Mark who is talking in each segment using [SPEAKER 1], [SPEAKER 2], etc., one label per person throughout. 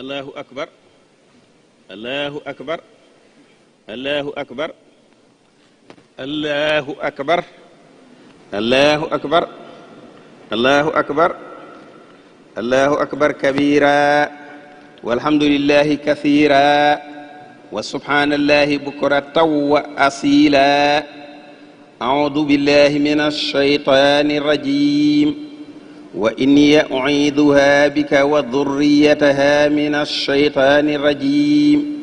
[SPEAKER 1] الله أكبر الله أكبر الله أكبر الله أكبر الله أكبر الله أكبر الله أكبر كبيرا والحمد لله كثيرا وسبحان الله بكرة وأصيلا أعوذ بالله من الشيطان الرجيم وإني أعيذها بك وذريتها من الشيطان الرجيم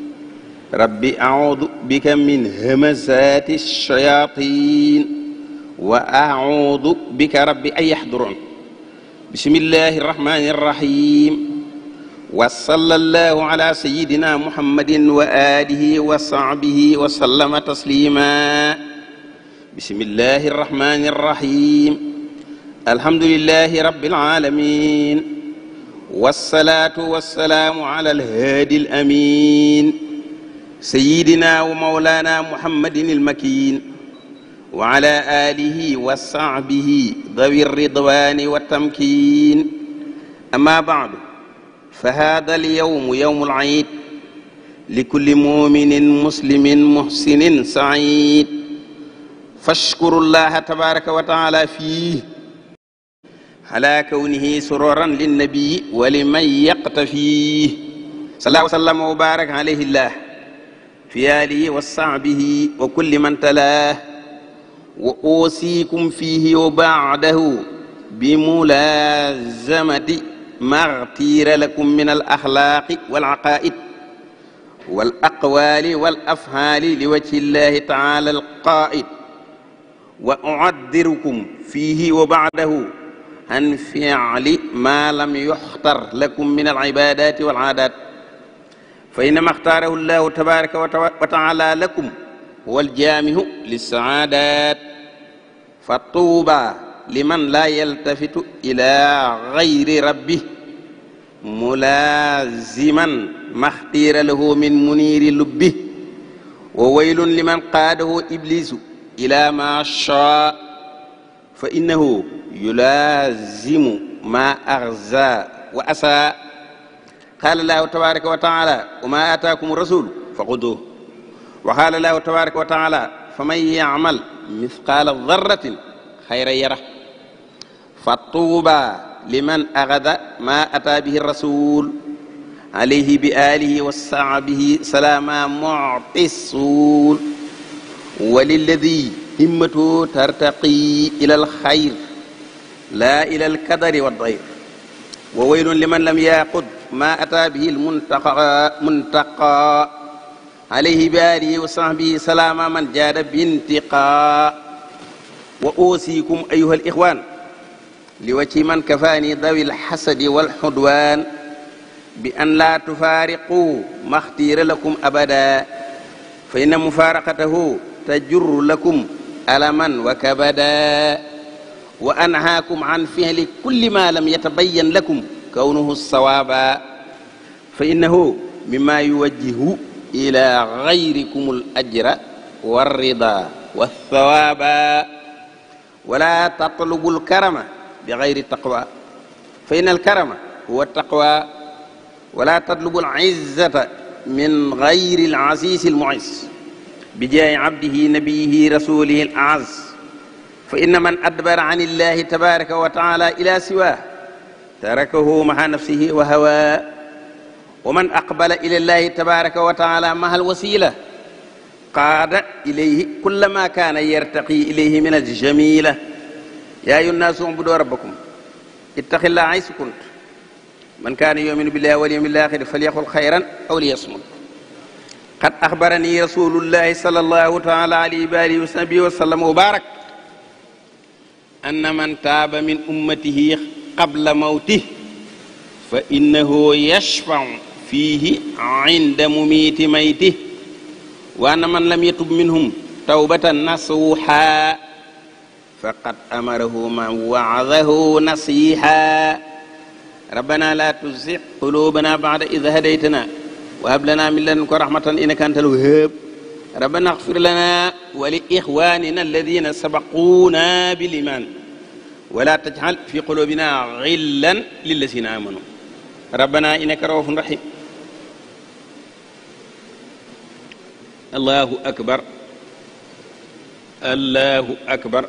[SPEAKER 1] رب أعوذ بك من همزات الشياطين وأعوذ بك رب أن يحضرون بسم الله الرحمن الرحيم وصلى الله على سيدنا محمد وآله وصحبه وسلم تسليما بسم الله الرحمن الرحيم الحمد لله رب العالمين والصلاة والسلام على الهادي الأمين سيدنا ومولانا محمد المكين وعلى آله وصحبه ذوي الرضوان والتمكين أما بعد فهذا اليوم يوم العيد لكل مؤمن مسلم محسن سعيد فاشكروا الله تبارك وتعالى فيه على كونه سرورا للنبي ولمن يقتفيه صلى الله وسلم وبارك عليه الله في آله وصحبه وكل من تلاه وأوصيكم فيه وبعده بملازمة ما اغتير لكم من الأخلاق والعقائد والأقوال والأفعال لوجه الله تعالى القائد وأعذركم فيه وبعده عن فعل ما لم يختر لكم من العبادات والعادات فإنما اختاره الله تبارك وتعالى لكم هو الجامع للسعادات فالطوبى لمن لا يلتفت إلى غير ربه ملازما ما اختير له من منير لبه وويل لمن قاده إبليس إلى ما شاء فإنه يلازم ما أغزى وأسى قال الله تبارك وتعالى وما آتاكم الرسول فخذوه وقال الله تبارك وتعالى فمن يعمل مثقال ذرة خيرا يره فطوبى لمن أخذ ما أتى به الرسول عليه بآله وصحبه سلاما معطي الصول وللذي همته ترتقي إلى الخير لا إلى الكدر والضيق وويل لمن لم يأخذ ما أتى به المنتقى منتقى عليه بآله وصحبه سلام من جاد بانتقاء وأوصيكم أيها الإخوان لوجه من كفاني ذوي الحسد والحدوان بأن لا تفارقوا ما اختير لكم أبدا فإن مفارقته تجر لكم ألما وكبدا وأنهاكم عن فعل كل ما لم يتبين لكم كونه الصواب فإنه مما يوجه إلى غيركم الأجر والرضا والثواب ولا تطلبوا الكرم بغير التقوى فإن الكرم هو التقوى ولا تطلبوا العزة من غير العزيز المعز بجاه عبده نبيه رسوله الأعز فإن من أدبر عن الله تبارك وتعالى إلى سواه تركه مع نفسه وهواه ومن أقبل إلى الله تبارك وتعالى مع الوسيلة قاد إليه كل ما كان يرتقي إليه من الجميلة يا أيها الناس اعبدوا ربكم اتق الله حيث كنت من كان يؤمن بالله واليوم الآخر فليقل خيرا أو ليصمت قد أخبرني رسول الله صلى الله تعالى عليه وآله وسلم وبارك أن من تاب من أمته قبل موته فإنه يشفع فيه عند مميت ميته وأن من لم يتب منهم توبة نصوحا فقد أمره من وعظه نصيحا ربنا لا تزغ قلوبنا بعد إذ هديتنا وهب لنا من لدنك رحمة إنك أنت الوهاب ربنا اغفر لنا ولإخواننا الذين سبقونا بالإيمان ولا تجعل في قلوبنا غلا للذين آمنوا ربنا إنك رؤوف رحيم الله أكبر الله أكبر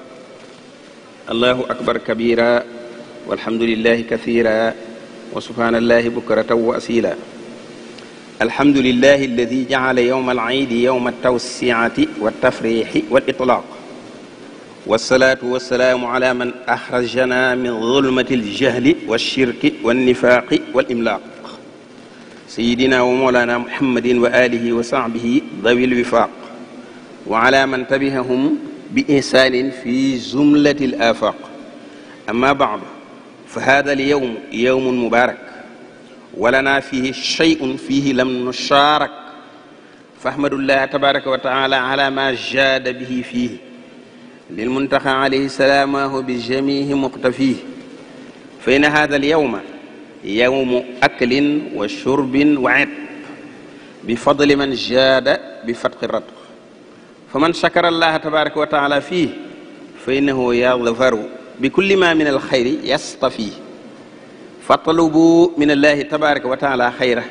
[SPEAKER 1] الله أكبر كبيرا والحمد لله كثيرا وسبحان الله بكرة وأسيلا الحمد لله الذي جعل يوم العيد يوم التوسعة والتفريح والإطلاق والصلاة والسلام على من أخرجنا من ظلمة الجهل والشرك والنفاق والإملاق سيدنا ومولانا محمد وآله وصحبه ذوي الوفاق وعلى من تبعهم بإحسان في زملة الآفاق أما بعد فهذا اليوم يوم مبارك ولنا فيه شيء فيه لم نشارك فاحمد الله تبارك وتعالى على ما جاد به فيه للمنتخى عليه السلام وهو بالجميع مقتفيه فإن هذا اليوم يوم أكل وشرب وعب بفضل من جاد بفتق الرتق فمن شكر الله تبارك وتعالى فيه فإنه يظفر بكل ما من الخير يصطفيه فاطلبوا من الله تبارك وتعالى خيره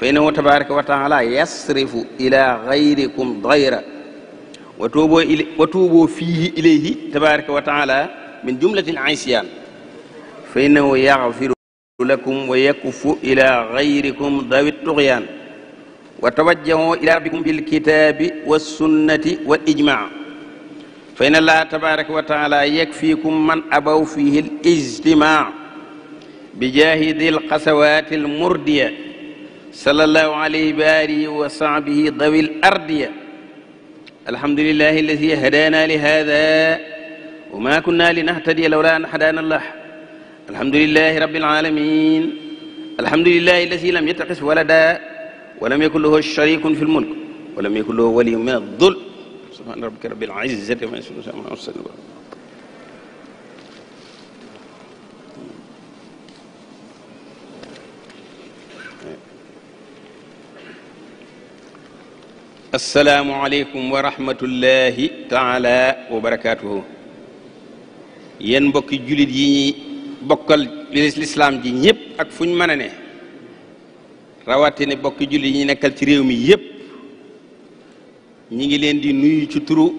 [SPEAKER 1] فإنه تبارك وتعالى يصرف إلى غيركم ضيرا وتوبوا, إلي وتوبوا فيه إليه تبارك وتعالى من جملة العيسيان فإنه يغفر لكم ويكف إلى غيركم ذوي الطغيان وتوجهوا إلى ربكم بالكتاب والسنة والإجماع فإن الله تبارك وتعالى يكفيكم من أبوا فيه الاجتماع بجاه ذي القسوات المردية صلى الله عليه وآله وصحبه ذوي الأردية الحمد لله الذي هدانا لهذا وما كنا لنهتدي لولا أن هدانا الله الحمد لله رب العالمين الحمد لله الذي لم يتقس ولدا ولم يكن له شريك في الملك ولم يكن له ولي من الظلم سبحان ربك رب العزة ما يصفون السلام عليكم ورحمة الله تعالى وبركاته ين بك جل ديني بك الإسلام ديني يب أكفون منني رواتني بك جل ديني نكال تريومي يب نيجي لين دي نوي تترو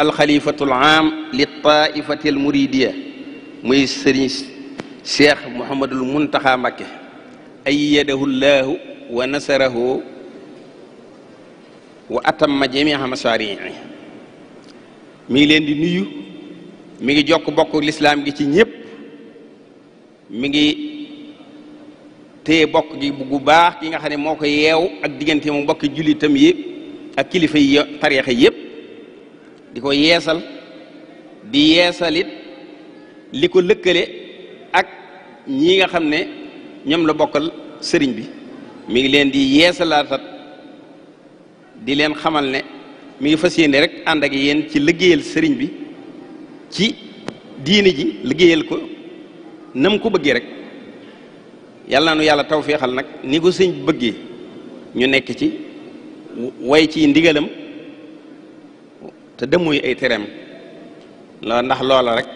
[SPEAKER 1] الخليفة العام للطائفة المريدية ميسرين شيخ محمد المنتخى مكة أيده الله ونصره wa atamma jamiha masarii mi ngi leen di nuyu mi ngi jokk bokk lislaam gi ci ñépp mi ngi te bokk gi bu baax ki nga xam ne moo ko yeew ak diggante mu bokki jullitam yi ak kilifa yi tariixa yépp di ko yeesal di yeesalit li ko lëkkale ak ñi nga xam ne ñoom la bokkal sëriñ bi mi ngi leen di yeesalaatat di leen xamal ne mi ngi fas yéene rek ànd ak yéen ci liggéeyal sëriñ bi ci diini ji liggéeyal ko nam ko bëggee rek yàlla na nu yàlla tawféexal nag ni ko sëñ bëgge ñu nekk ci way ci ndigalam te demuy ay tereem la ndax loola rek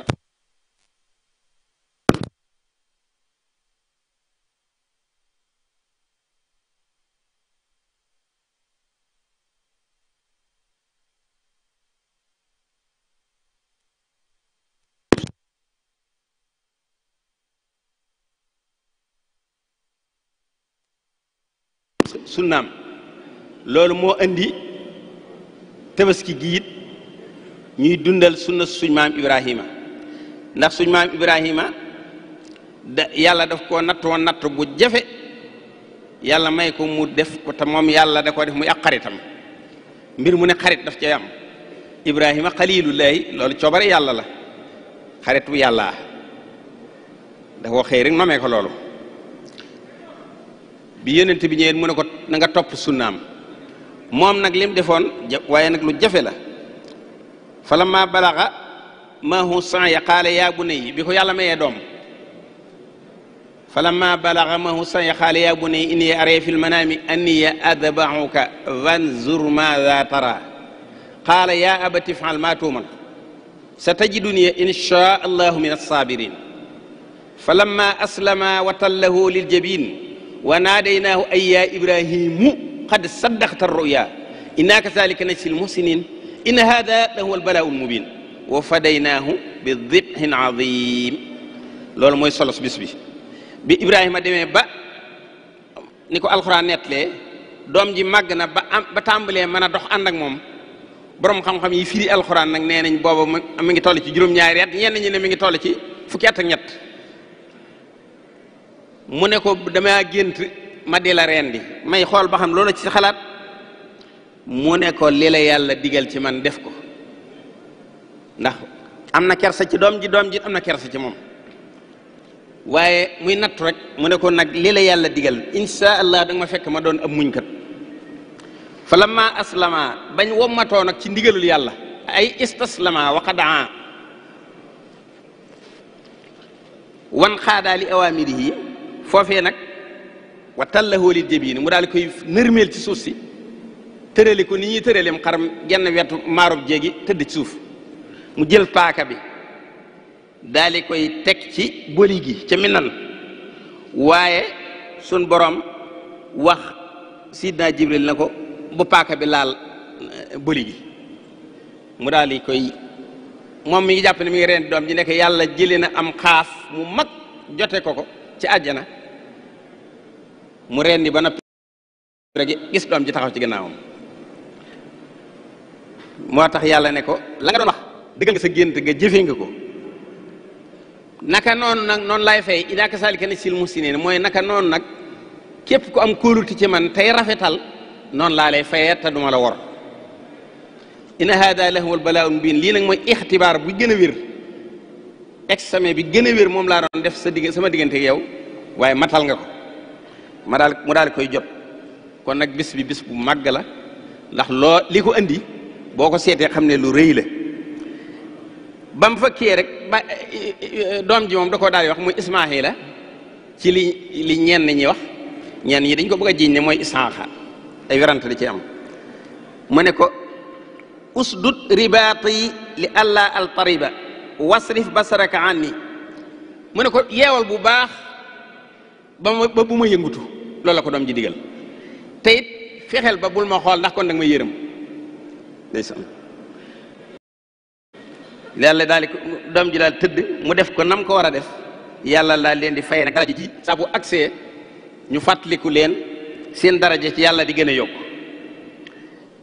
[SPEAKER 1] sunnaam loolu moo indi tabaski gi it ñuy dundal sunna suñ maam Ibrahima ndax suñ maam Ibrahima da yàlla daf koo nattoo natt bu jafe yàlla may ko mu def ko te moom yàlla da ko def muy ak xaritam mbir mu ne xarit daf cay am Ibrahima xalilullahi loolu coobare yàlla la xaritu yàlla da koo xëy rek nomee ko loolu. bi yonent bi ñëwee mu ne ko na nga topp sunnaam moom nag lim defoon waaye nag lu jafe la falamma balaga maahu saaya qaala yaa bunayya bi ko yàlla mayee doom falamma balaga maahu saaya qaala yaa bunayya inni araa fil manaami anni adbahuka fanzur maazaa taraa qaala yaa abati if'al maa tu'mar satajidunii inshaa allahu min as-saabiriin falamma aslama wa tallahu lil jabiin وناديناه أي يا إبراهيم قد صدقت الرؤيا إنا كذلك نجزي المحسنين إن هذا لهو البلاء المبين وفديناه بذبح عظيم لول موي سولوس بس بي بي إبراهيم ديمي با نيكو القرآن نتلي دوم جي ماغ نا با با تامبلي مانا دوخ اندك موم borom xam-xam yi firi alxuraan nag nee nañ booba mi ngi toll ci juróom-ñaari mu ne ko damaa gént ma di la may xool ba xam loola ci xalaat mu ne ko li yàlla digal ci man def ko ndax am na kersa ci doom ji doom ji am na kersa ci moom waaye muy natt rek mu ne ko nag li la yàlla digal insha allah da ma fekk ma doon ab muñkat fa lamma aslama bañ wommatoo nag ci ndigalul yàlla ay istaslama waqadaa wan xaadaa li awaamirihi foofee nag wa tallahoo li jabiin mu daal di koy nërmeel ci suuf si tërali ko ni ñuy tëralim xaram genn wetu maarub jéegi tëdd ci suuf mu jël paaka bi daal koy teg ci boli gi ca minan waaye sun borom wax sidna jibril na ko bu paaka bi laal euh, boli gi mu daal koy moom mi ngi jàpp ne mi ngi reen doom ji nekk yàlla jëlee na am xaas mu mag jote ko ko ci àjjana mu rendi ba noppi rek gis doom ji taxaw ci gannaawam moo tax yàlla ne ko la nga doon wax dëggal nga sa gént nga jëfee nga ko naka noon nag noonu laay fay ila kasaalika najzil muhsiniin mooy naka noon nag képp ku am kóoluti ci man tey rafetal noonu laa lay fayee te duma la wor inna haada lahuwal balaa'ul mubiin lii nag mooy ixtibaar bu gën a wér examen bi gëna wër mom la doon def sa sama diggante yow waye matal nga ko ma dal mu dal koy jot kon nak bis bi bis bu maggalah, la ndax lo liko andi boko sété xamné lu rëy la ba mu fakkee rek e, dom ji mom da koo wax muy Ismaahila ci li li ñen ñi wax ñen yi dañ ko bëgg jiñ ne ay wérant li ci am mané ko usdud ribati li alla al tariba wasrif basaraka anni mu ne ko yeewal bu baax ba ma ba bu ma yëngutu la ko dom ji digal te fexel ba bul ma xol ndax kon danga ma yeeram ndeysaan yalla daal di ji dal teud mu def ko nam ko wara def yalla la len di fay nak daraja ji sa bu agsee ñu fàttaliku len seen daraaje ci yalla di gëna yok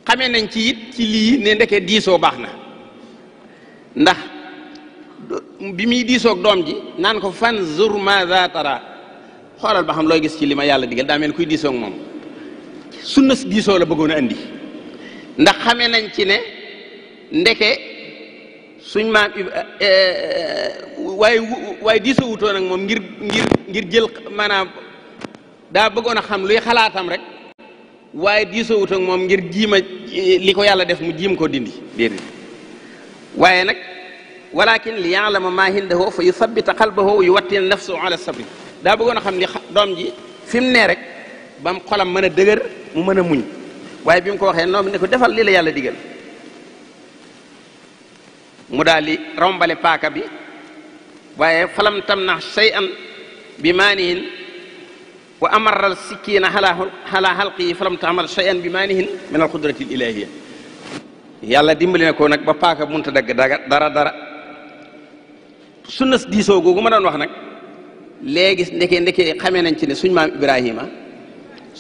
[SPEAKER 1] xamé nañ ci yit ci li ne ndeké diisoo baax ndax bi muy diisoog doom ji naan ko fan zur maza tara xoolal ba xam looy gis ci li ma yàlla digal daa mel kuy diisoog moom sunna si diisoo la bëggoon a indi ndax xamee nañ ci ne ndeke suñ maam eh, eh, waaye waaye diisoo wutoon moom ngir ngir ngir jël maanaam daa bëggoon a xam luy xalaatam rek waaye diisoo wutoon moom ngir jiima li ko yàlla def mu jiim ko dindi déedéet waaye nag ولكن ليعلم ما عنده فيثبت قلبه ويوتن نفسه على الصبر دا بغونا خام لي دوم جي فيم ني رك بام خولام مانا دغور مو مانا موني واي بيم كو واخه نوم نيكو ديفال لي لا ديغال مو دالي رومبالي باكا بي واي فلم تمنع شيئا بمانين وامر السكين هلا هلا حلقي فلم تعمل شيئا بمانين من القدره الالهيه يالا ديمبلي نكو نك با باكا مونتا دغ دغ دارا دارا sunna diisoo googu ma doon wax nag léegi ndeke ndeke xamee nañ ci ne suñ maam Ibrahima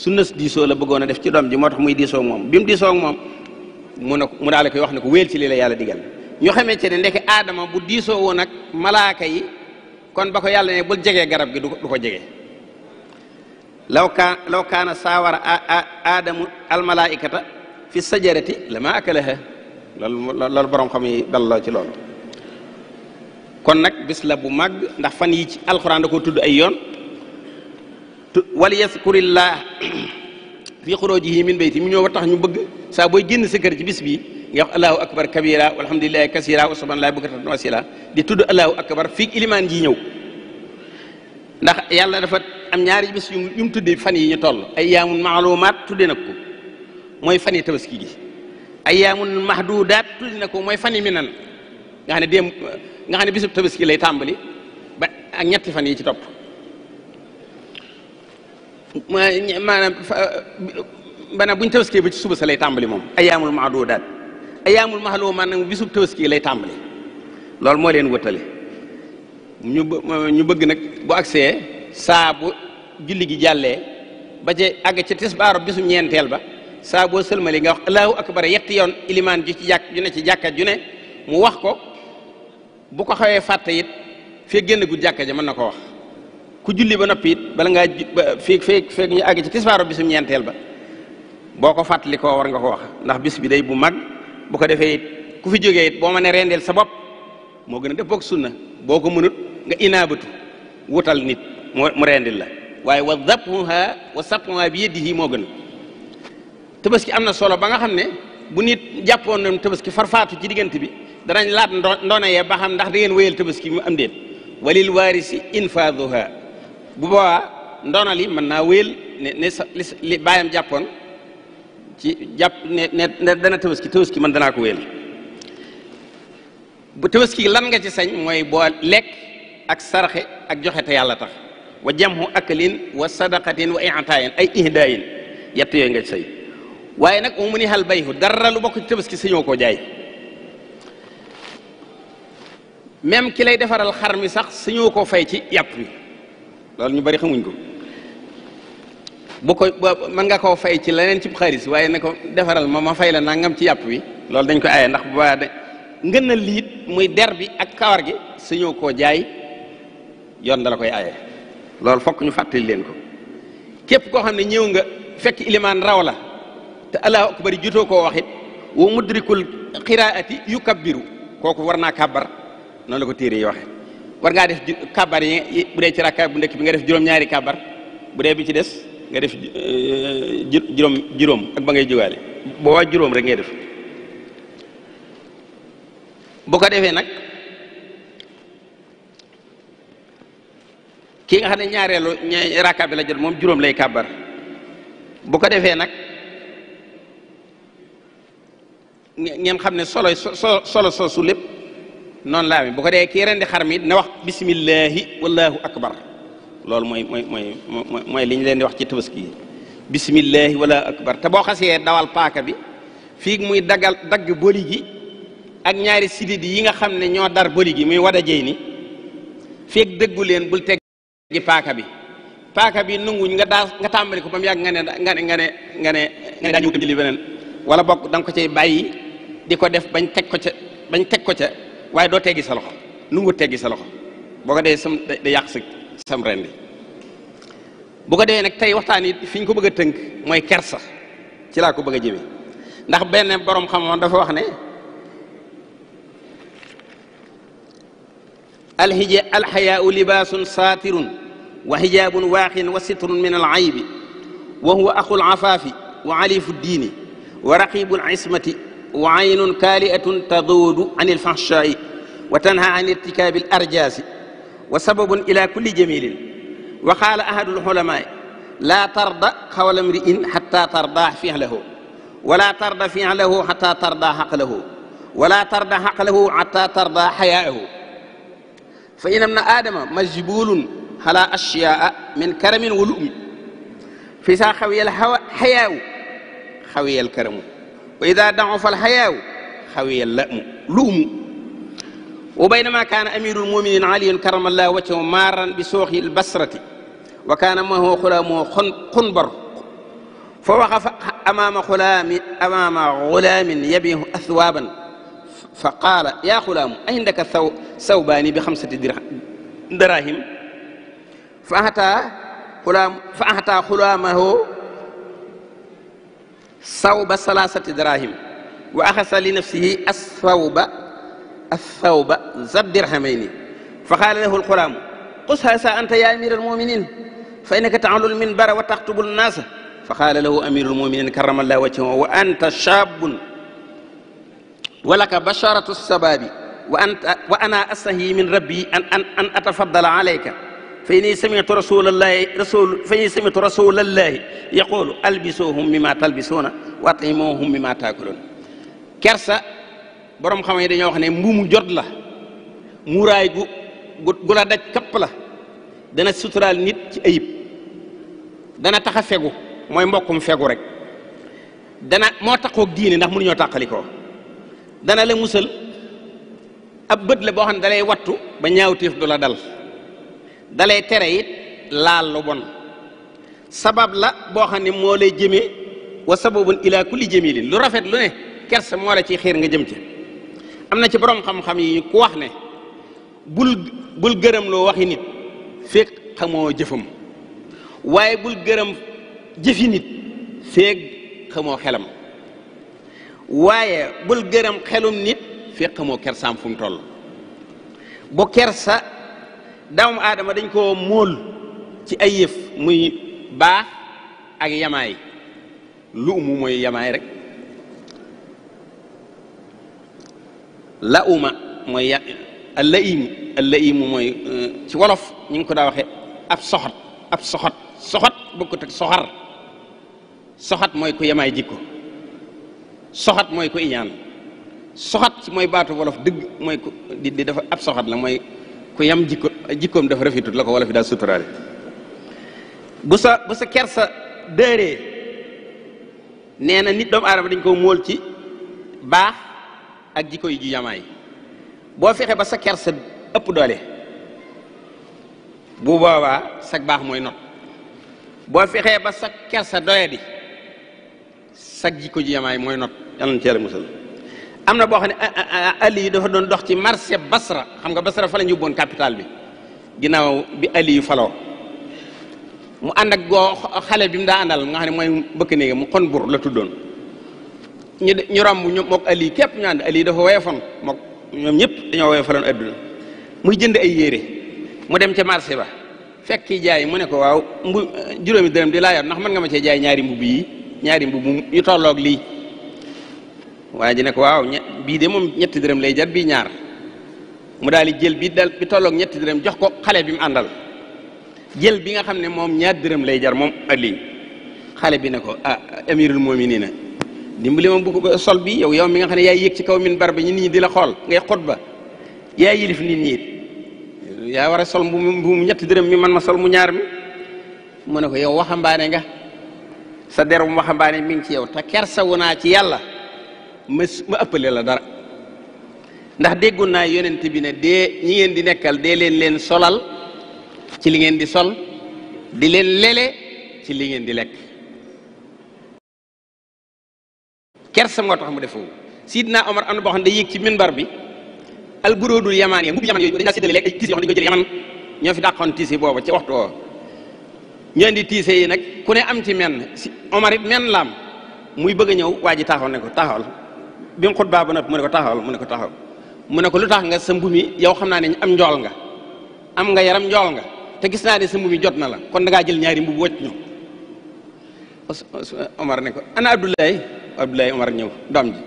[SPEAKER 1] sunna diisoo la bëggoon a def ci doom ji moo tax muy diisoo moom bi mu diisoo moom mu ne mu daal koy wax ne ko wéel ci lii la yàlla digal ñu xamee ci ne ndeke aadama bu diisoo woon ak malaaka yi kon ba ko yàlla ne bul jegee garab gi du ko jege law kaan law kaana saawara aadamu almalaikata fi sajarati la ma akalaha loolu loolu borom xam dal dalloo ci loolu kon nak bis la bu mag ndax fan yi ci alquran da ko tuddu ay yon wal yaskurillah fi khurujihi min bayti mu ñëw ba tax ñu bëgg sa boy génn sa kër ci bis bi nga wax allahu akbar kabira walhamdulillahi kaseera wa subhanallahi bukratan wasila di tuddu allahu akbar fi iliman ji ñëw ndax yàlla dafa am ñaari bis yu yum tuddé fan yi ñu toll ay yaamun maalumaat tuddee na ko mooy fan yi tawaski gi ay mahdudat tuddé tuddee na ko mooy fan yi minan nga xam ne démb nga xam ne bisub tabaski lay tàmbali ba ak ñetti fan yi ci topp maanaam maanaam buñ tabaski ba ci suba sa lay tàmbali moom ayaamul maadudaat ayaamul mahluumaat nag bisub tabaski lay tàmbali loolu moo leen wëtale ñu bëgg nag bu agsee saa bu julli gi jàllee ba ca àgg ca tisbaaru bisu ñeenteel ba saa boo sëlmali nga wax allahu akbar yetti yoon ilimaan ju ci jàkk ju ci jàkkat ju ne mu wax ko bu ko xawé faté yit fi génn gu jakké ja man nako wax ku julli ba nopi bal nga fi fi fi ñu ci tisbaru bisum ñentel ba boo ko war nga ko wax ndax bis bi day bu mag bu ko defé ku fi joggé it ma né rendel sa bop mo gëna def sunna boko mënut nga inabatu wutal nit mu rendil la waye wa dhabha wa sabha bi yadihi mo gën tabaski amna solo ba nga xamné ne bu nit jappone tabaski farfatu ci digënté bi danañ laat ndona yee ba xam ndax da ngeen wéyal tabaski mu am déet walil waarisi infaaduha bu boobaa ndona li mën naa wéyal ne ne sa li baayam jàppoon ci jàpp ne ne dana tabaski tabaski man danaa ko wéyal bu tabaski lan nga ci sañ mooy boo lekk ak saraxe ak joxe te yàlla tax wa jamhu akalin wa sadaqatin wa i'taayin ay ihdaayin yett yooyu nga ci sañ waaye nag mu ni hal bayhu dara lu bokk ci tabaski sañoo koo jaay même ki lay defaral xar mi sax suñu ko fay ci yàpp wi loolu ñu bari xamuñ ko bu ko mën nga koo fay ci leneen ci xaalis waaye ne ko defaral ma ma fay la nangam ci yàpp wi loolu dañ ko aaye ndax bu baax de ngën liit muy der bi ak kawar gi suñu koo jaay yoon dala koy aaye loolu fokk ñu fàttali leen ko képp koo xam ne ñëw nga fekk ilimaan raw la te allahu akbar jutoo ko waxit wa mudrikul xiraati yukabbiru kooku war naa kàbbar noonu la ko téere yi waxe war ngaa def kabar yi bu dee ci rakka bu njëkk bi nga def juróom-ñaari kabar bu dee bi ci des nga def euh, juróom juróom ak ba ngay jógaale boo waa juróom rek ngay def bu ko defee nag ki nga xam ne la jot moom juróom lay kabar bu ko defee nag ngeen xam ne solo solo soosu lépp noonu laa amee bu ko dee kii rendi xar mi na wax bisimillahi wallahu akbar loolu mooy mooy mooy mooy li leen di wax ci tabaski yi bisimillahi wallahu akbar te boo xasee dawal paaka bi fii muy daggal dagg boli gi ak ñaari sidid yi nga xam ne ñoo dar boli gi muy wada jëy ni feeg dëggu leen bul teg paaka bi paaka bi nanguñ nga daa nga tàmbali ko ba mu yàgg nga ne nga ne nga ne nga ne nga ne beneen wala bokk dang ko cay bàyyi di ko def bañ teg ko ca bañ teg ko ca waye do teggi sa loxo nu ngu teggi sa loxo boo ko dee sam da yak sa sam rendi bu ko dewe nak tay waxtani fiñ ko bëgg teunk moy kersa ci la ko bëgg a ndax benn borom xam won dafa wax ne al hija al haya libaasun saatirun wa xijaabun waaxin wa sitrun min alcaybi wa huwa axu alcafaafi wa alifu ddiini wa raqibu alcismati وعين كالئة تضود عن الفحشاء وتنهى عن ارتكاب الأرجاس وسبب إلى كل جميل وقال أحد العلماء لا ترضى قول امرئ حتى ترضى فعله ولا ترضى فعله حتى ترضى حقله ولا ترضى حقله حتى ترضى حياءه فإن ابن آدم مجبول على أشياء من كرم ولؤم فسا خوي الحياء خوي الكرم وإذا دعوا الحياء خوي اللأم لوم وبينما كان أمير المؤمنين علي كرم الله وجهه مارا بسوق البصرة وكان ما هو غلامه قنبر فوقف أمام غلام أمام غلام يبيع أثوابا فقال يا غلام عندك ثوبان بخمسة دراهم فأتى غلام فأتى غلامه ثوب ثلاثة دراهم وأخذ لنفسه الثوب الثوب ذا درهمين فقال له الغلام قص هسا أنت يا أمير المؤمنين فإنك تعمل المنبر وتخطب الناس فقال له أمير المؤمنين كرم الله وجهه وأنت شاب ولك بشرة السباب وأنت وأنا أستحي من ربي أن أن أن أتفضل عليك فإني سمعت رسول الله رسول فإني سمعت رسول الله يقول ألبسوهم مما تلبسون وأطعموهم مما تأكلون كرسا بروم خما دي نيو خني موم جورد لا موراي غولا داج كاب لا دا نا سوترال نيت سي ايب دا نا تاخا فيغو موي مبوكم فيغو ريك دا نا مو تاخوك ديني ناخ مونيو تاخاليكو دا نا لا موسل اب بدل بو خن دالاي واتو با نياو تيف دولا دال dalay tere it laal lu bon sabab la boo xam ne moo lay jëmee wa sababun ila kulli jamilin lu rafet lu ne kersa moo la ci xiir nga jëm ci am na ci borom xam-xam yi ku wax ne bul bul gërëm loo waxi nit feeg xamoo jëfam waaye bul gërëm jëfi nit feeg xamoo xelam waaye bul gërëm xelum nit feeg xamoo kersaam fu mu toll kersa doomu aadama dañ koo móol ci ay yëf muy baax ak yamaay lu umu mooy yamaay rek la uma mooy ya la mooy euh, ci wolof ñu ngi ko daa waxee ab soxat ab soxot soxot bokkut ak soxar soxat mooy ku yamaay jikko soxat mooy ku iñaan soxat ci mooy baatu wolof dëgg mooy ku di di dafa ab soxat la mooy ku yam jikko jikkoom def rafetut la ko wala fi daal suturaale bu sa bu sa kersa dëree nee na nit doomu aadama dañ koo móol ci baax ak jikko yi ju yamaay boo fexe ba sa kersa ëpp doole bu boobaa sag baax mooy not boo fexee ba sa kersa doyadi sag jikko ju yamaay mooy not yàlla na ci yàlla am na boo xam ne ah, ah, ah, ali dafa doon dox ci marché basra xam nga basra fa la ñu yóbboon capital bi ginnaaw bi ali yu faloo mu ànd ak goo xale bi mu daa àndal nga xam ne mooy bëkk néegi mu xon bur la tuddoon ñu ñu romb ñu mook ali képp ñu ànd ali dafa woyofoon mook ñoom ñëpp dañoo woyofaloon adduna muy jënd ay yére mu dem ca marché ba fekk ki jaay mu ne ko waaw mbu juróomi dërëm di laa yor ndax mën nga ma cee jaay ñaari mbubb yi ñaari mbubb yu tolloog lii waye dina ko waw bi de mom ñetti dërëm lay jar joko ñaar mu daali jël bi dal bi tolok ñetti dërëm jox ko xalé bi mu andal jël bi nga xamne mom ñaar dërëm lay jar mom ali xalé bi ne ah amirul muminina dimbali mom bu ko sol bi yow yow mi nga xamne yaay yek ci kaw min bar ñi ñi di la xool ngay khutba yaay yilif nit ñi ya wara sol mu mu ñetti dërëm mi man ma sol mu ñaar mi mu ne yow waxambaane nga sa waxambaane mi ci yow ta ci yalla mes ma appelé la dara ndax deguna yonent bi ne de ñi ngeen di nekkal de len len solal ci li ngeen di sol di len lele ci li ngeen di lek kersa mo tax mu sidna omar am bo boo xam ne ci minbar bi al burudul yaman ya mbubbi yamaan yooyu dañ daa séddale lekk ay xam dañ ko jël yaman ño fi dàqoon tiise bobu ci waxto woo yi nak ku ne am ci men omar it muy bëgg ñew waji taxaw ne ko taxaw bi mu xutbaa ba noppi mu ne ko taxawal mu ne ko taxaw mu ne nga sa mbumi yow xamna ni am njool nga am nga yaram njool nga te gis na ni sa mbumi jot na la kon da nyari jël ñaari os wocc ñu Omar ne ko ana Abdullahi Abdullahi Omar ñew dom ji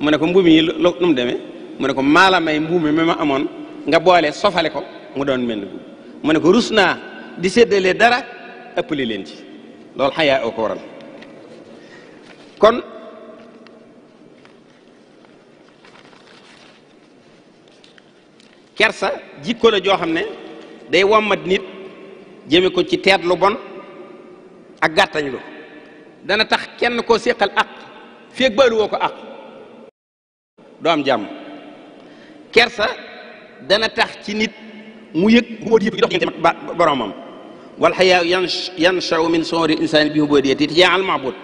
[SPEAKER 1] mu ne ko mbu lu nu mu demee mu ne ko may mbumi mi ma nga boole sofale ko mu don mel bu mu ne ko di séddale dara ëppali leen ci haya ko waral kon kersa jikko la joo xam ne day wommat nit jëme ko ci teet lu bon ak gàttañ lu dana tax kenn koo séqal ak feeg baalu woo ko ak doom am jàmm kersa dana tax ci nit mu yëg xubóot yëpp dox diggante mag boromam wal xayaa yanshau min sonri insaan bi xubóot yëpp te yaa al maabud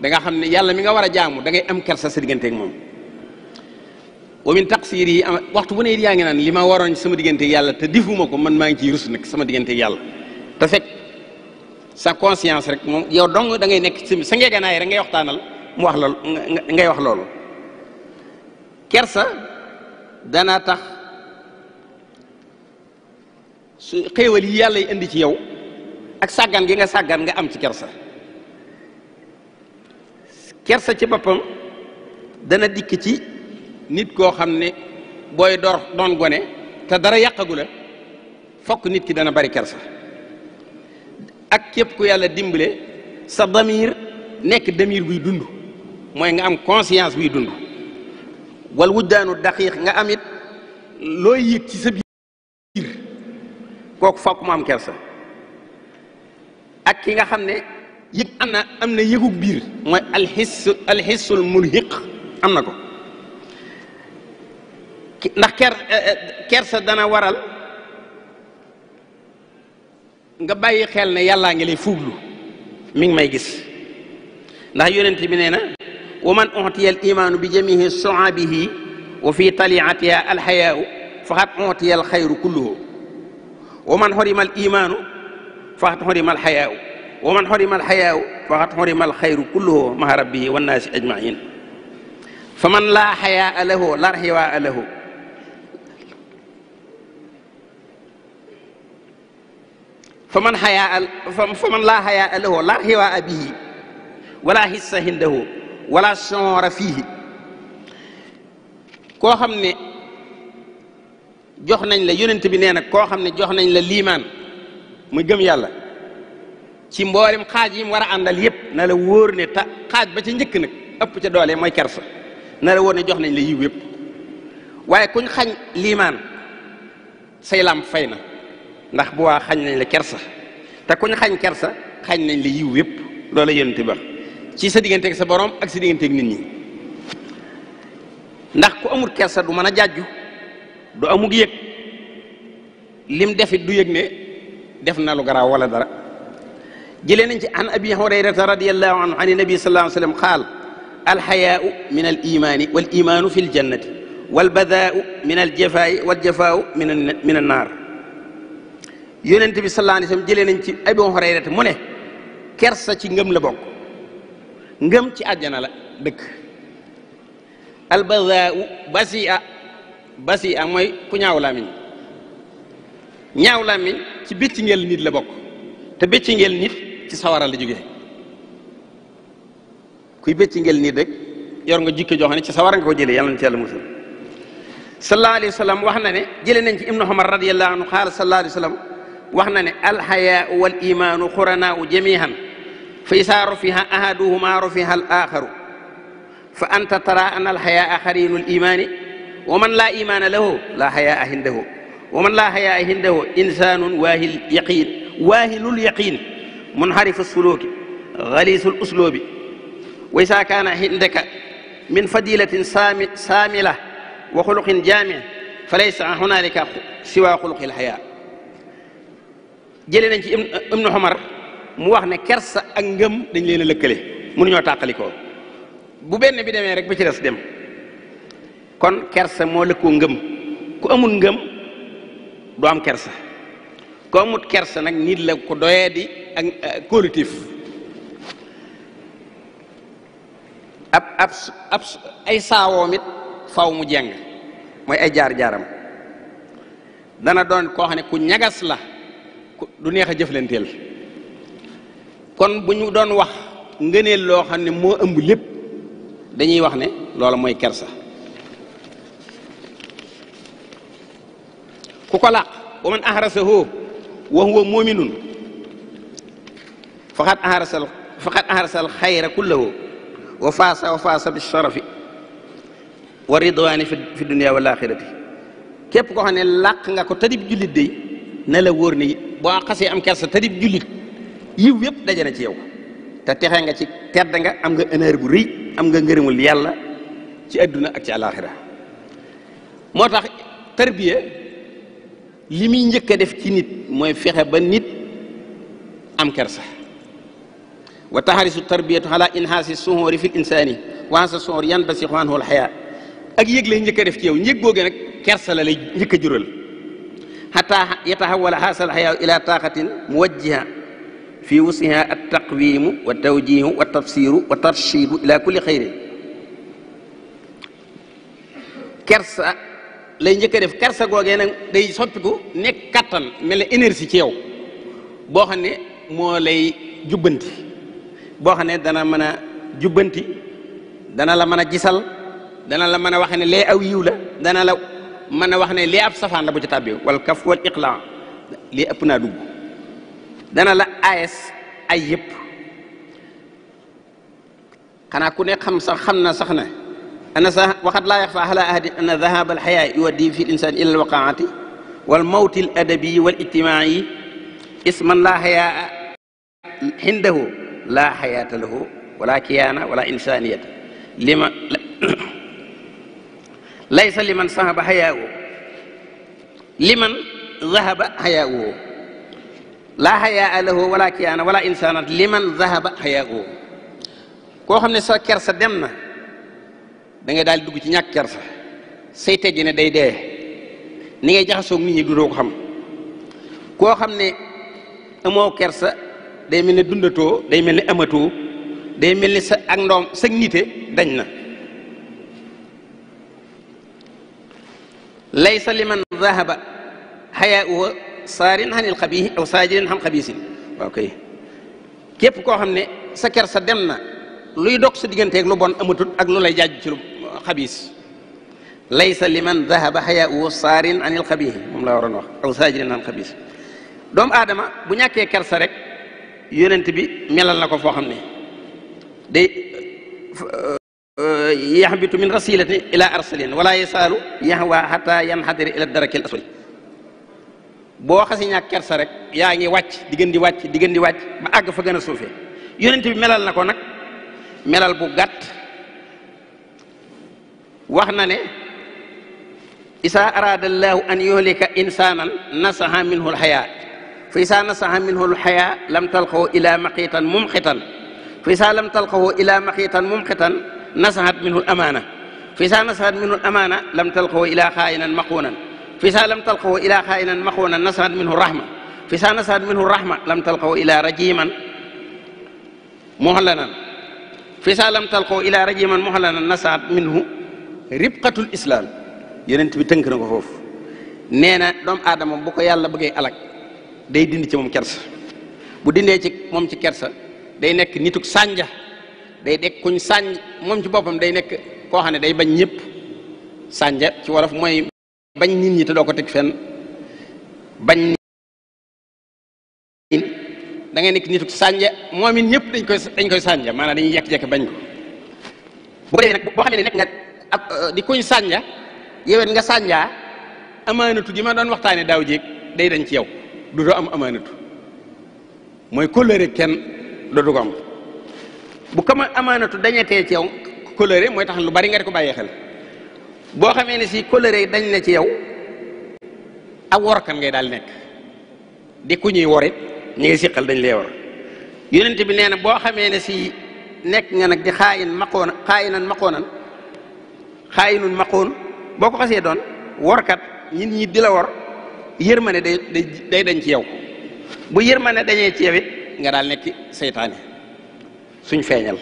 [SPEAKER 1] da nga xam ne yàlla mi nga war a jaamu da ngay am kersa sa digganteeg moom wa min taqsiri waxtu bu ne yaa ngi nan lima ma sama diggante yalla te difuma ko man ma ngi ci rus nak sama yalla te fek sa conscience rek moom yow dong da ngay nek ci sa ngeeganaay rek ngay waxtanal mu wax lol ngay wax lol kersa dana tax su xewal yi yalla indi ci yow ak sagan gi nga sagan nga am ci kersa kersa ci bopam dana dik ci nit koo xam ne booy door doon gone te dara yàqagu la fokk nit ki dana bari kersa ak képp ku yàlla dimbale sa damir nekk damir buy dund mooy nga am conscience buy dund wal wujdaanu daqiiq nga am it looy yëg ci sa biir kooku fokk mu am kersa ak ki nga xam ne yëg am na am na yëgug biir mooy alxis alxisul mulhiq am na ko ndax ker kersa dana waral nga bàyyi xel ne yàllaa ngi lay fuuglu mi ngi may gis ndax yonent bi nee na wa man utiya al imaanu bi jamihi soabihi wa fi taliatiha alxayaau faqad utiya al xayru kulluhu wa man xorima al imaanu faqad xorima al xayaau wa man xorima al xayaau faqad xorima al xayru kulluhu maha rabbihi wannaasi ajmain fa man laa xayaa lahu la rxiwaa lahu فمن حياء فمن لا حياء له لا حواء به ولا حس عنده ولا شعور فيه كو خامني جوخ نان لا يونت بي نينا كو خامني جوخ نان لا ليمان موي گم يالا تي مبولم خاج يم ورا اندال ييب نالا وور ني تا خاج با تي نيك نك اپ تي دولي موي كرسا نالا وور ني جوخ نان لا ييب ييب واي كون خاج ليمان سيلام فاينا ndax bu waa xagn nañ la kersa ta kuñ xagn kersa xagn nañ la yiw yep lola yonent ba ci sa digënté ak sa borom ak sa digënté ak nit ñi ndax ku amul kersa du mëna jaaju du amug yek lim defit du yek ne def na lu garaaw wala dara jëlé nañ ci an abi hurayra radiallahu anhu an nabi sallallahu alayhi wasallam sallam qaal alxayaau min al imaani wal imaanu fi ljannati wal badaau min al jafaa'i wal yonent bi sallallahu alayhi wasallam jëlee nañ ci Abu Hurayra mu ne kersa ci ngëm la bokk ngëm ci àjjana la dëkk albazaau basia basia mooy ku ñaaw làmmiñ ñaaw làmmiñ ci ngel nit la bokk te béccingeel nit ci sawara la jógee kuy béccingeel nit rek yor nga jikko joo xam ne ci sawara nga ko jëlee yàlla na ci yàlla musal sallallahu alayhi wasallam wax na ne jëlee nañ ci ibnu Umar radiyallahu anhu xaala sallallahu alayhi wasallam واخنا الحياء والايمان قرناء جميعا فيسار فيها احدهما رفيها الاخر فانت ترى ان الحياء قرين الايمان ومن لا ايمان له لا حياء عنده ومن لا حياء عنده انسان واهل اليقين واهل اليقين منحرف السلوك غليظ الاسلوب واذا كان عندك من فضيله سامله وخلق جامع فليس هنالك سوى خلق الحياء jëlee nañ ci ibnu Umar mu wax ne kersa ak ngëm dañ leen a lëkkale mënuñoo tàqalikoo bu benn bi demee rek ba ci des dem kon kersa moo lëkkoo ngëm ku amul ngëm du am kersa ku amut kersa nag nit la ko doyee di ak kóolutif ab ab ab ay saawoom it faw mu jeng mooy ay jaar-jaaram dana doon koo xam ne ku ñagas la du neex a jëflanteel kon bu ñu doon wax ngëneel loo xam ne moo ëmb lépp dañuy wax ne loola mooy kersa ku ko làq wa man ahrasahu wa huwa muminun faqad ahrasal faqad ahrasal xayra kullahu wa faasa wa faasa bi sharafi wa ridwaani fi dunia wal axirati képp koo xam ne làq nga ko tadib jullit day na la wóor ne boo xasee am kersa te dib jullit yiw yëpp daje na ci yow te texe nga ci tedd nga am nga honneur bu rëy am nga ngërëmul yàlla ci àdduna ak ci àllaaxira moo tax tarbiya li muy njëkk a def ci nit mooy fexe ba nit am kersa wa taxarisu tarbiyatu ala inhaasi suhuri fil insaani wa hansa suhur yan basi xawaanhu alxayaa ak yëg lay njëkk a def ci yow njëg googu nag kersa la lay njëkk a jural xataa yataxawala haasal xayaaw ila taaxatin muwajjiha fi wusiha at taqwiimu wa tawjiihu wa tafsiru wa tarshidu ila kulli xayrin kersa lay njëkk a def kersa googee na day soppiku nekk kattan mel ne énergie ci yow boo xam ne moo lay jubbanti boo xam ne dana mën a jubbanti dana la mën a gisal dana la mën a wax ne lee yiw dana la mën a wax ne lii ab safaan la bu ci tàbbi wal kaf wal iqla lii ëpp naa dugg dana la aayes ay yëpp xanaa ku ne xam sax xam na sax ne ana sax waxat laa yaxfa ala ahadi ana dahaba alxayaa yuwaddi fi l insan ila alwaqaati wal mawti al adabi wal ijtimaai isman laa xayaa xindahu laa xayaata lahu wala kiyaana wala insaniyata lima laysa liman sahaba hayaahu liman zahaba hayaahu laa hayaa lahu wala kiyaana wala insanat liman zahaba hayaahu koo xam ne sa kersa dem na da ngay daal dugg ci ñàkk kersa say tejj ne day dee ni ngay jaxasoog nit ñi dudoo ko xam koo xam ne amoo kersa day mel ne dundatoo day mel ne amatoo day mel ne sa ak sa nite dañ na laysa liman zahaba xayaauha saarin xanil xabihi aw saajirin xam xabiisin waaw kay képp koo xam ne sa kersa dem na luy dog sa digganteeg lu bon amatut ak lu lay jaaju ci lu xabiis laysa liman dahaba xayaauhu saarin anil xabihi moom laa waroon wax aw saajirin an xabiis doomu aadama bu ñàkkee kersa rek yonent bi melal na ko foo xam ne day أه، يحبط من رسيلة إلى أرسلين ولا يسال يهوى حتى ينحدر إلى الدرك الأسود بو خاسي نياك كيرسا رك ياغي واتش ديغندي واتش ديغندي واتش ما اغ فا غنا سوفي يونت بي ملال نكو نك ملال بو غات واخنا ني اذا اراد الله ان يهلك انسانا نسها منه الحياه فإذا نسها منه الحياة لم تلقه إلى مقيتا ممقتا فإذا لم تلقه إلى مقيتا ممقتا نزهت منه الأمانة في ساعة منه الأمانة لم تلقه إلى خائنا مخونا في لم تلقه إلى خائنا مخونا نزهت منه الرحمة في ساعة منه الرحمة لم تلقه إلى رجيما مهلنا في لم تلقه إلى رجيما مهلنا نزهت منه ربقة الإسلام يننت بتنكنا خوف نينا دوم آدم بوكو يالا بغي ألك day dindi ci moom kersa bu dindee ci moom ci day nekk kuñ sànj moom ci boppam day nekk koo xam ne day bañ ñëpp sànja ci wolof mooy bañ nit ñi te ko teg fenn bañ da ngay nekk nituk sànja moom it ñëpp dañ koy dañ koy sànja maanaam dañuy jekk bañ ko boo ne nekk nga ak euh, di kuñ sànja yewet nga sànjaa amaanatu gi ma doon waxtaane daaw jéeg day dañ ci yow du doo am amaanatu mooy kóllëre kenn dootu am bu ko ma amaanatu dañatee ci yow coloré mooy tax lu bari nga di ko bàyyee xel boo xamee ne si coloré yi dañ na ci yow ak workat ngay daal nekk di ku ñuy worit ñi ngi siqal dañ lay war yonent bi nee na boo xamee ne si nekk nga nag di xaayin maqoon xaayinan maqoonan xaayinun maqoon boo ko xasee doon workat nit ñi di la war yërmane day day dañ ci yow bu yërmane dañee ci yow it nga daal nekk seytaane suñ feeñal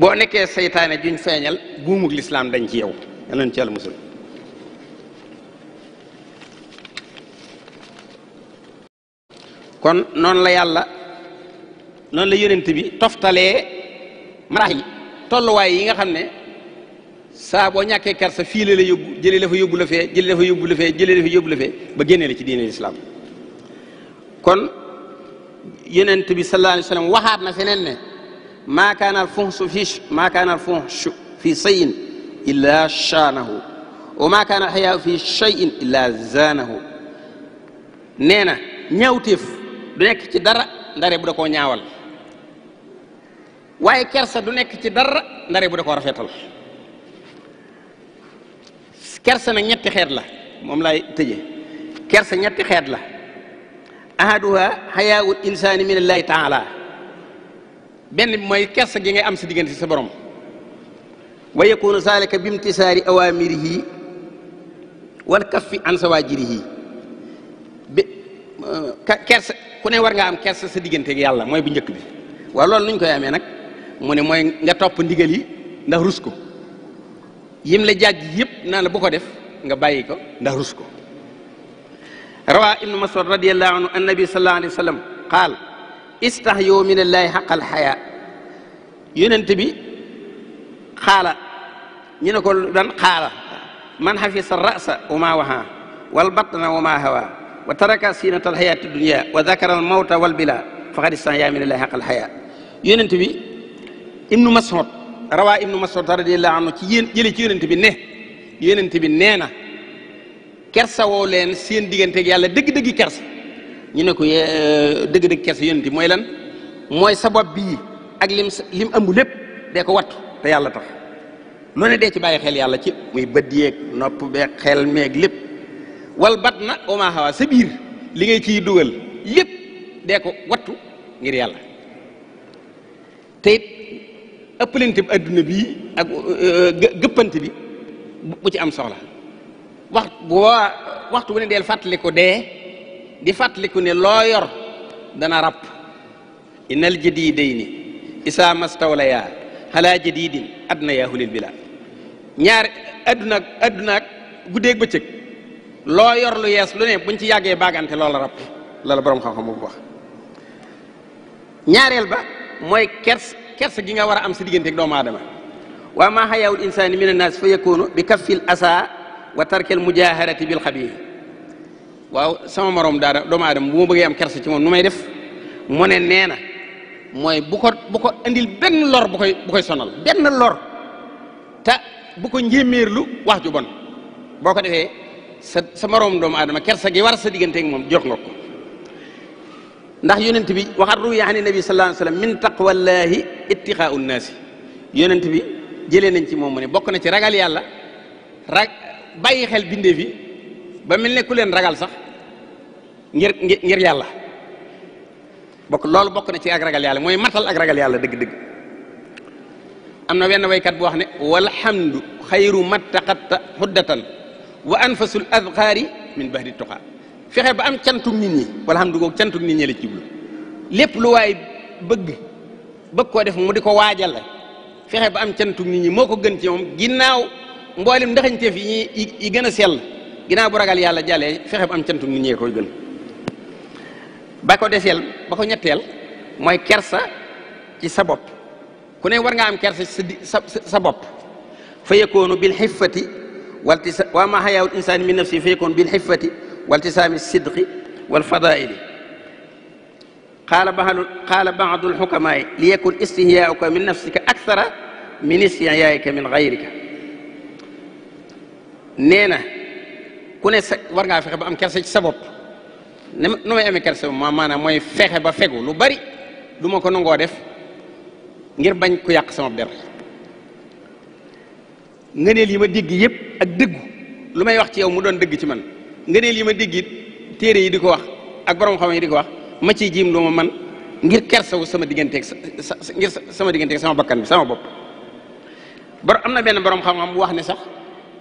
[SPEAKER 1] boo nekkee seytaane juñ feeñal buumug lislaam dañ ci yow yanañ ci yàlla musul kon noonu la yàlla noonu la yonent bi toftalee marax yi tolluwaay yi nga xam ne saa boo ñàkkee kersa fii la la yóbbu jëlee la fa yóbbu la fee jëlee la fa yóbbu la fee ba génnee la ci diine lislaam kon yonent bi sallallahu alayhi waxaat na seneen ne ما كان الفحش في ما كان الفحش في شيء الا شانه وما كان الحياء في شيء الا زانه نينا نيوتيف دو نيك سي دار ناري بو داكو نياوال واي كيرسا دو نيك سي دار ناري بو داكو رافيتال كيرسا نا نيتي خير لا موم لاي تيجي كيرسا نيتي خير لا احدها حياء الانسان من الله تعالى ben moy kess gi ngay am ci diggante sa borom wa yakunu zalika bimtisari awamirihi wal kaffi an sawajirihi bi uh, ku ne war nga am kess sa diggante ak yalla moy bu njëkk bi wa lool nuñ koy amee nak mu ne moy nga top ndigal yi ndax rusko yim la jagg yep na la bu ko def nga bayiko ndax rusko rawa ibn masud radiyallahu anhu annabi sallallahu alayhi Wasallam, qala استحيوا من الله حق الحياء يونت بي خالا نينكول دان خالا من حفظ الراس وما وها والبطن وما هوى وترك سينة الحياة الدنيا وذكر الموت والبلا فقد استحيا من الله حق الحياء يونت بي ابن مسعود روى ابن مسعود رضي الله عنه جيلي يونت بي نه يونت بي نينا كرسا وولين سين ديغنتك يالا دغ دغ كرسا ñu ne ko yee euh, dëgg-dëgg kersa yonent mooy lan mooy sabab bi ak lim lim ëmb lépp dee ko wattu te yàlla tax lu ne dee ci bàyyi xel yàlla ci muy bët yeeg nopp beeg xel meeg lépp wal bat na maa xawaa sa li ngay ciy dugal lépp dee ko wattu ngir yàlla te it ëppalante bi adduna bii ak euh, gëppante bi bu ci am soxla waxtu bu deel fàttali ko dee di fàttaliku ne lawyer yor dana rap inal jadidaini isa mastawlaya hala jadidin adna ya hulil bila ñaar aduna aduna adduna ak lawyer bëccëg yor lu yes lu ne buñ ci yagge bagante loola rap loola borom xam-xam bu wax ñaarel ba moy kers kers gi nga wara am ci digeentek do doomu aadama waa maa xayaawul insaani min annaas fa bi kaffil asa wa tarkil mujaharati bil waaw sama morom daara doomu adama bu ma bëggee am kersa ci moom nu may def mu ne nee na mooy bu ko bu ko indil benn lor bu koy bu koy sonal benn lor te bu ko njéeméerlu wax ju bon boo ko defee sa sa morom doomu aadama kersa gi war sa digganteeg moom jox nga ko ndax yonent bi waxat ruwiya ani nabi sallallahu alayhi wa sallam min taqwallahi ittixaau nnaasi yonent bi jëlee nañ ci moom mu bokk na ci ragal yàlla rag xel bindee fi ba melne ragal sax ngir ngir yalla bok lool bok na ci ak ragal yalla moy matal ak ragal yalla deug deug amna na wenn waykat bu wax ne walhamdu khairu mattaqatta huddatan wa anfasul adqaari min bahri tuqa fexe ba am cantug nit ñi walhamdu gok cantug nit ñi la ciblu lepp lu way bëgg bëgg ko def mu diko wajal waajal fexe ba am cantug nit ñi moko gën ci mom ginnaw mbolim ndaxante fi yi ginnaaw bu ragal yàlla jàllee fexe bu am cantu nit ñee koy gën ba ko deseel ba ko ñetteel mooy kersa ci sa bopp ku ne war nga am kersa ci sa sa bopp fa yakoonu bil xiffati waltisa waa maa xayaawul insaani min nafsi fa yakoonu bil xiffati waltisaami sidqi wal fadaili qaala badu qaala badu lxukamaay li yakun istihyaauka min nafsika akthara min istihyaayika min gayrika nee ku ne war nga fexé ba am kersé ci sa bop ne nu may amé kersé ma manam moy fexé ba fegu lu bari duma ko nango def ngir bañ ku yak sama der ngëneel yi ma dégg yépp ak dëggu lu may wax ci yow mu doon dëgg ci man ngëneel yi ma dégg yi diko wax ak borom xam yi diko wax ma ci jim luma man ngir wu sama digënté sa ngir sama digënté sama bakkan sama bop bar amna ben borom xam-xam wax ne sax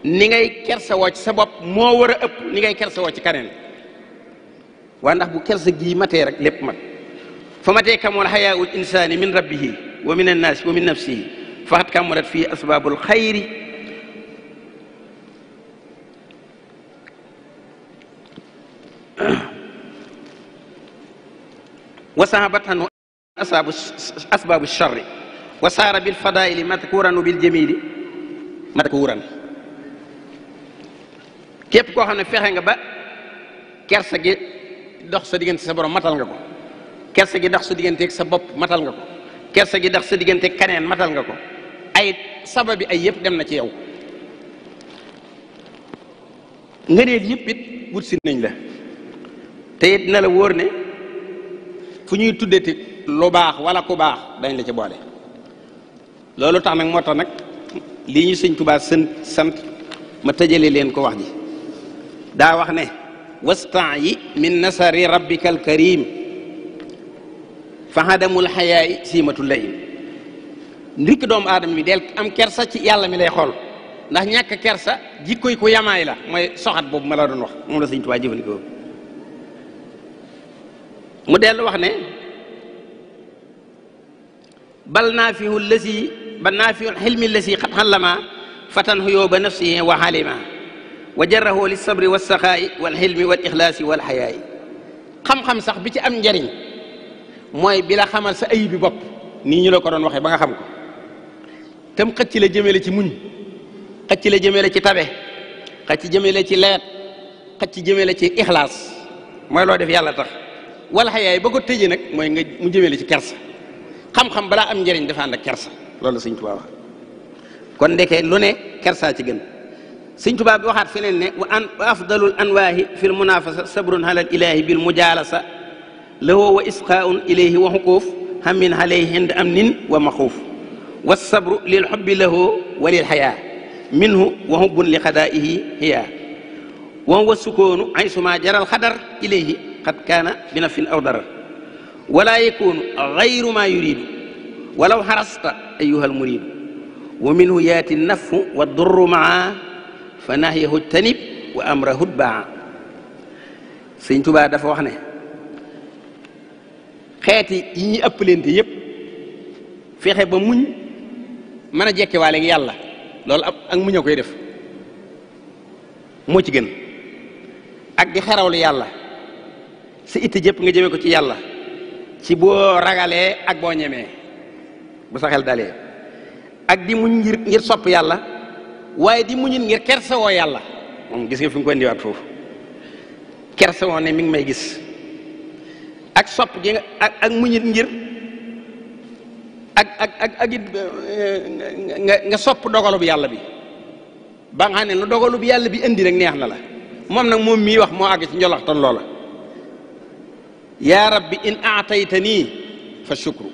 [SPEAKER 1] ni ngay kersa wacc sa bop mo wara a ëpp ni ngay kersa wacc kanen wa ndax bu kersa gi maté rek lépp mat fa maté kamul xayaawul insani min rabbih wa min an-nas wa min fa hat kamulat nafsihi faxat kamoonat fii asbaabul xayri وصحبت عنه wa sara bil fada'il بالفضائل bil jamil مذكورا képp koo xam ne fexe nga ba kersa gi dox sa diggante sa borom matal nga ko kersa gi dox sa diggante sa bopp matal nga ko kerse gi dox sa diggante kaneen matal nga ko ay sababi ay yëpp dem na ci yow ngëneel yëpp it wut si nañ la te it na la wóor ne fu ñuy tuddati lu baax wala ku baax dañ la ci boole loolu tax nag moo tax nag lii ñu sëñ Tuubaa sën sant ma tëjale leen ko wax ji daa wax ne wastan yi min nasari rabbika alkarim fa hadamul xayaayi siimatul layim ndikk doomu aadama bi del am kersa ci yàlla mi lay xool ndax ñàkk kersa jikkoy ku yamaay la mooy soxat boobu ma la doon wax moom la sëñ Tuubaa jëfandikoo mu dellu wax ne bal naafihu lasi ba naafihu xilmi lasi xat xallama fatan xuyoo ba nafsihi wa xalima وجره للصبر والسخاء والحلم والإخلاص والحياء خم خم صح بيتي أم جرين موي بلا خمال سا اي بوب ني ني لاكو دون واخي باغا خام تم خاتي لا جيمي لا سي مون خاتي لا جيمي لا سي تابي خاتي جيمي لا سي لات خاتي جيمي لا سي اخلاص موي لو ديف يالا تخ ولا حياء بوكو تيجي نك موي nga مو جيمي لا سي كيرسا خام خام بلا ام جيرين دافا اند كيرسا لولو سيغ توبا واخ كون ديكي لو ني كيرسا گن سين توبا بي وخات فينن ني وان افضل الانواع في المنافسه صبر على الاله بالمجالسه له واسقاء اليه وحقوف هم من عليه عند امن ومخوف والصبر للحب له وللحياء منه وهب لقضائه هي وهو السكون عيش ما جرى الخدر اليه قد كان بنف او ضرر ولا يكون غير ما يريد ولو حرصت ايها المريد ومنه ياتي النف والضر معه fanahyahu tanib wa amrahu ba seigne touba dafa wax ne xeeti yi ñi ëppalenté yépp mana ba muñ mën a jekkiwaale ak yàlla loolu ak muñ a koy def moo ci gën ak di xerawlu yàlla sa itti jëpp nga jëmee ko ci yàlla ci boo ragalee ak boo ñemee bu sa xel dalee ak di muñ ngir ngir sopp yàlla waye di muñin ngir kersa wo yalla mom gis nga fi mu ko indiwaat foofu kersa wo ne mi ngi may gis ak sop gi ak ak muñit ngir ak ak ak ak eh, nga nga sop dogalu bi yalla bi ba nga ne lu bi yalla bi indi rek neex na la mom nak mom mi wax mo ag ci tan lola ya rabbi in a'taytani fa shukru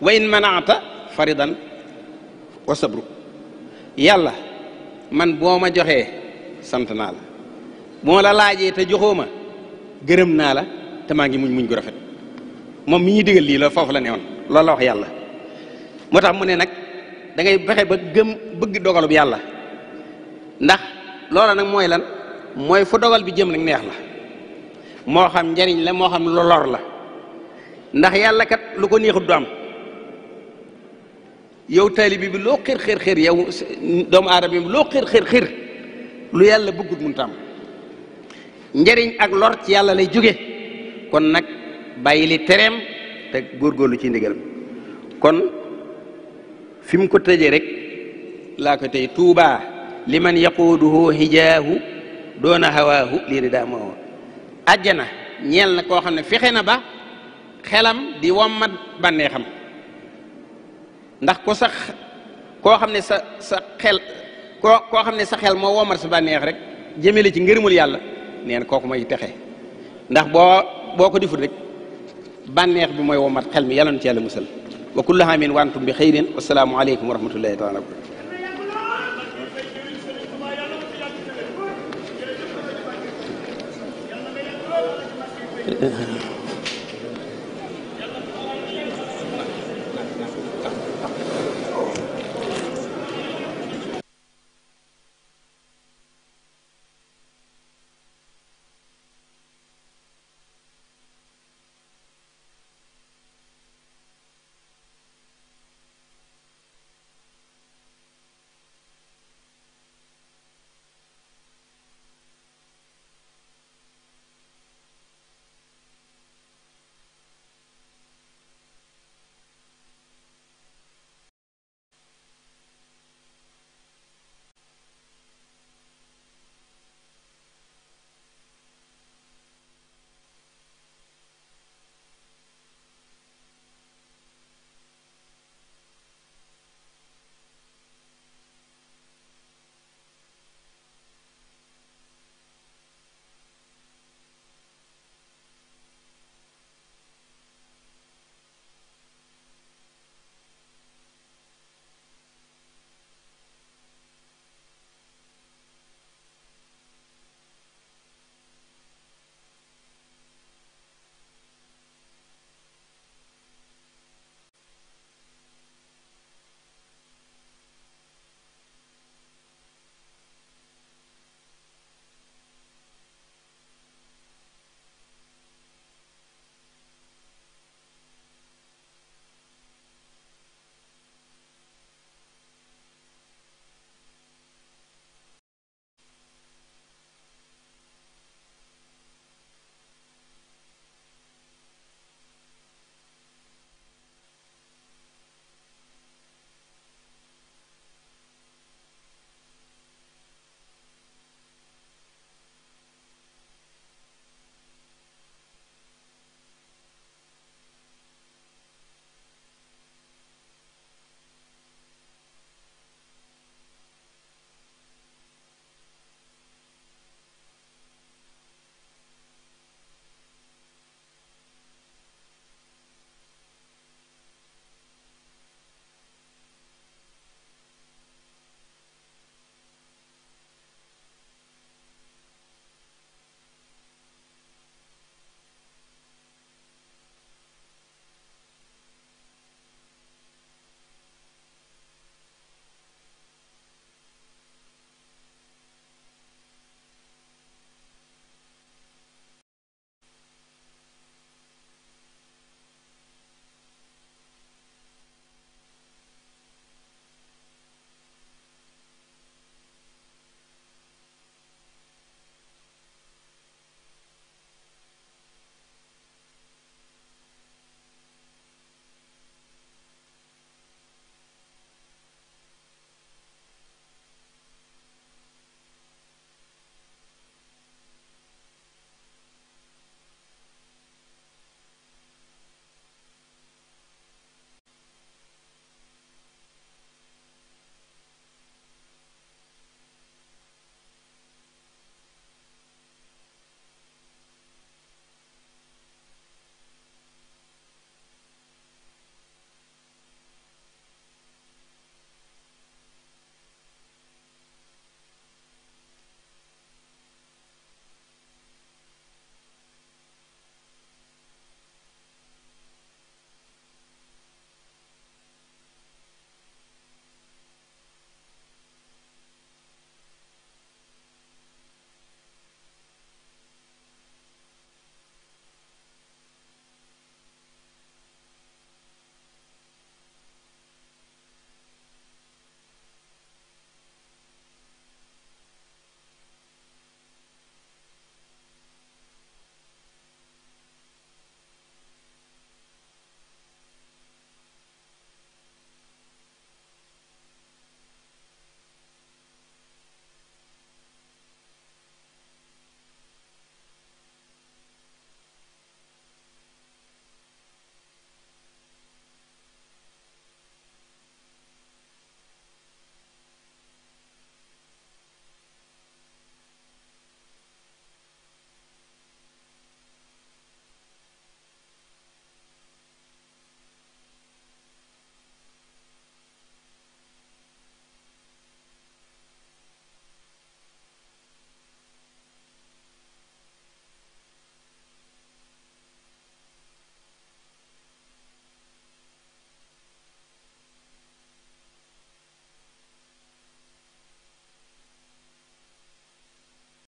[SPEAKER 1] wa in mana'ta faridan wa sabru yalla man boo ma joxee sant naa la moo la laajee te joxoo ma gërëm naa la te maa ngi muñ muñ gu rafet moom mi ñuy digal lii la foofu la ne woon la yàlla moo tax mu ne nag da ngay fexe ba gëm bëgg dogalub yàlla ndax loola nag mooy lan mooy fu dogal bi jëm nag neex la moo xam njariñ la moo xam lu la ndax yàlla kat lu ko neexut du yow taalibi bi loo xir xir xir yow doomu aadama bi loo xir xir xir lu yàlla bëggut mënut am njëriñ ak lor ci yàlla lay jóge kon nag bàyyi li tereem te lu ci ndigal kon fi mu ko tëjee rek laa ko tey tuubaa liman yaquuduhu hijaahu doona hawaahu lii di daa moo ajjana ñeel na koo xam ne fexe na ba xelam di wommat banneexam ndax ko sax ko xamne ne sa sa xel ko ko xamne ne sa xel moo woomar sa banex rek jëmele ci ngeerumul yalla neen koku may texe ndax bo boko difut rek banex bi mooy womat xel mi yalla nti yalla musal wa kullu amin wa antum bi xeyrin assalamu alaykum wa rahmatullahi barakatuh Yeah.